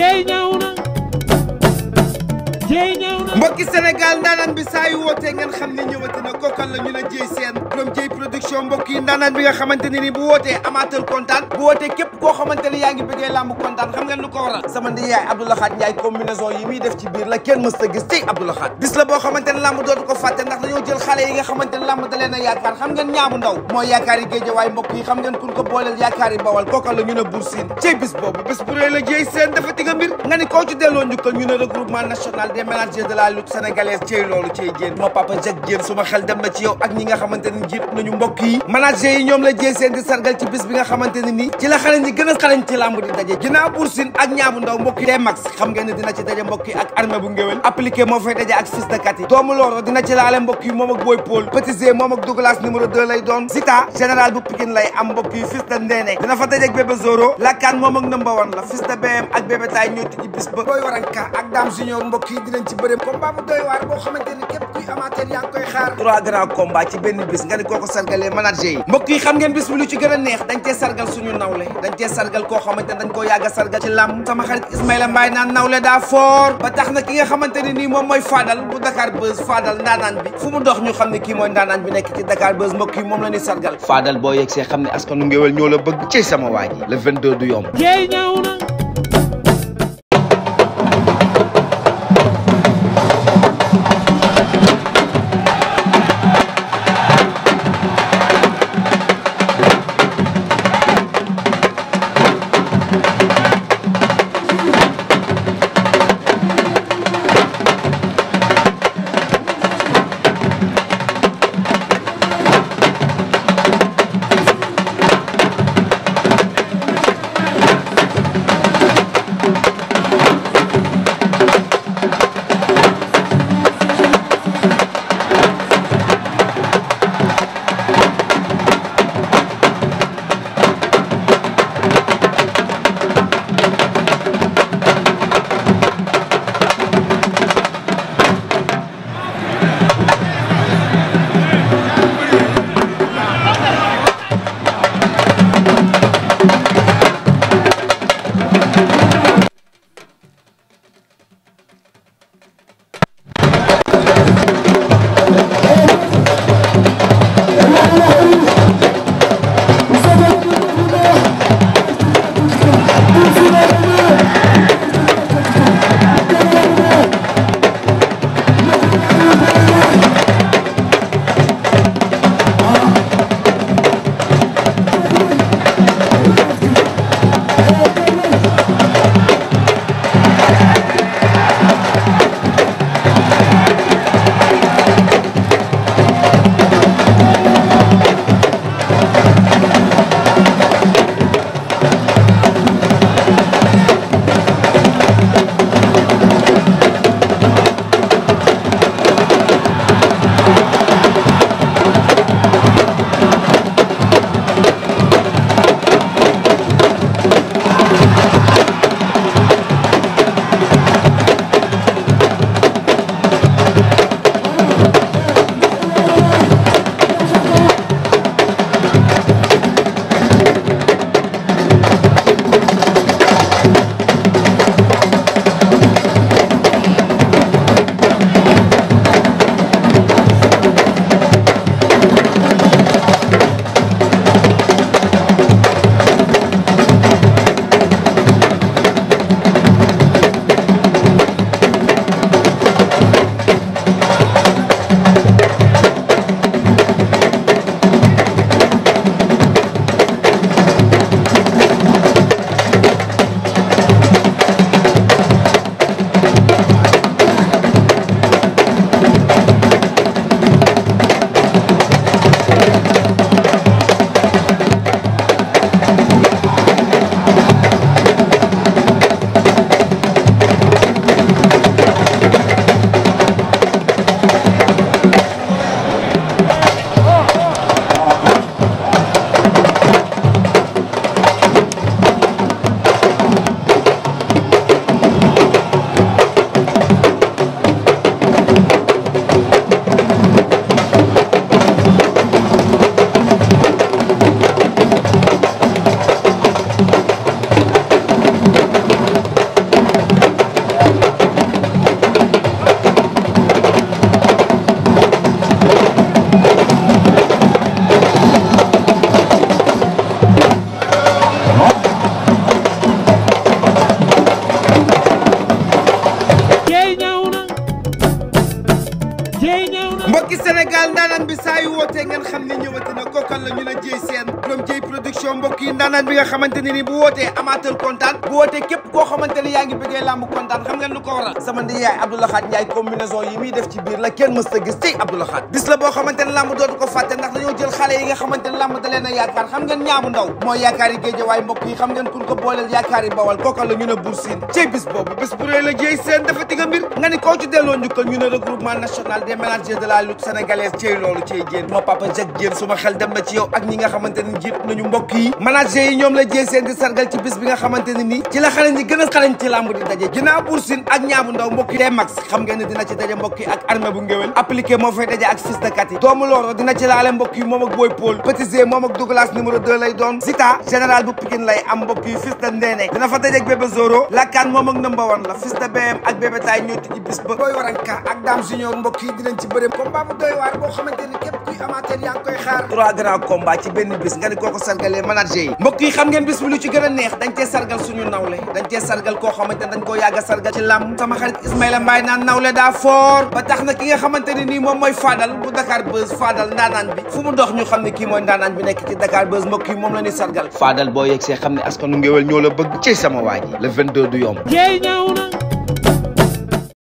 jey ña mbokki la ñu la jëy seen borom jëy production mbokk ndaanaan bi nga xamante ne bu wootee amateur kontaan bu wootee képp koo xamante yaa ngi bëggee làmb kontaan xam ngeen lu ko waral sama ndi yaay Abdou Lakhat Ndiaye yi muy def ci biir la kenn mës gis tey Abdou bis la boo xamante làmb dootu ko fàtte ndax dañoo jël xale yi nga xamante làmb da yaakaar xam ngeen ñaabu ndaw mooy yaakaar yi géejawaay mbokk xam ngeen sénégalaise ciy loolu ciy jéen ma papa Jacques Diène suma xel dem na ci yow ak ñi nga xamante ni jiit nañu mbokk manager yi ñoom la jée seen di sargal ci bis bi nga xamante ne nii ci la xale ñi gën a xarañ ci làmb di daje ginnaaw Bour ak ñaabu ndaw mbokk yi xam ngeen dina ci daje mbokk ak armée bu ngéwél appliqué moo fay daje ak fils de doomu looro dina ci laale mbokk moom ak Boy Paul Petit moom ak Douglas numéro 2 lay doon Zita combat bu doy waar boo xamante ni képp kuy amateur yaa ngi koy xaar trois grands combats ci benn bis nga ni koo ko sargalee manager yi mbokk yi xam ngeen bis bi lu ci gën a neex dañ cee sargal suñu nawle dañ cee sargal koo xamante ne dañ koo yàgg a sargal ci làmb sama xarit Ismaïla Mbaye naan nawle daa fort ba tax na ki nga xamante ne nii moom mooy Fadal bu Dakar Buzz Fadal ndaanaan bi fu mu dox ñu xam ne kii mooy ndaanaan bi nekk ci Dakar Buzz mbokk yi moom la ñuy sargal Fadal boo yegsee xam ne askanu ngéwél ñoo la bëgg ci sama waa ji le 22 du yomb yéene mbokki Sénégal ndaanaan bi saa wootee ngeen xam ne ñëwati na la ñu ne Dieye Sène borom Dieye production mbokk ndaanaan bi nga xamante ne bu wootee amateur kontaan bu wootee képp koo xamante yaa ngi bëggee làmb kontaan xam ngeen lu ko waral sama ndi yaay Abdou Lahad Ndiaye combinaison yi muy def ci biir la kenn mës gis tey Abdou Lahad bis la boo xamante làmb dootu ko fàtte ndax dañoo jël xale yi nga xamante làmb da a yaakaar xam la lutte sénégalaise ciy loolu ciy jéen moo papa Jacques Diène suma xel dem na ci yow ak ñi nga xamante ni nañu mbokk manager yi ñoom la jéen seen di ci bis bi nga xamante ne ci la xale ñi gën a xalañ ci làmb di daje ginnaaw Bour ak ñaabu ndaw mbokk yi xam ngeen dina ci daje mbokk ak armée bu ngéwél appliqué moo fay daje ak fils de doomu looro dina ci laale mbokk moom ak boy Paul Petit moom ak Douglas numéro 2 lay doon Zita général combat bu doy waar boo xamante ni képp kuy amateur yaa ngi koy xaar trois grands ci benn bis nga ni koo ko ma manager yi mbokk xam ngeen bis bi lu ci gën a neex dañ cee sargal suñu nawle dañ cee sargal koo xamante ne dañ koo yàgg a sargal ci làmb sama xarit Ismaïla Mbaye naan daa fort ba na ki nga xamante ni nii moom mooy Fadal bu Dakar Buzz Fadal ndaanaan bi fu mu dox ñu xam ne kii mooy ndaanaan bi nekk ci Dakar Buzz mbokk yi moom la ñuy sargal Fadal boo yegsee xam ne askanu ngéwél ñoo la bëgg ci sama waa ji le 22 du yomb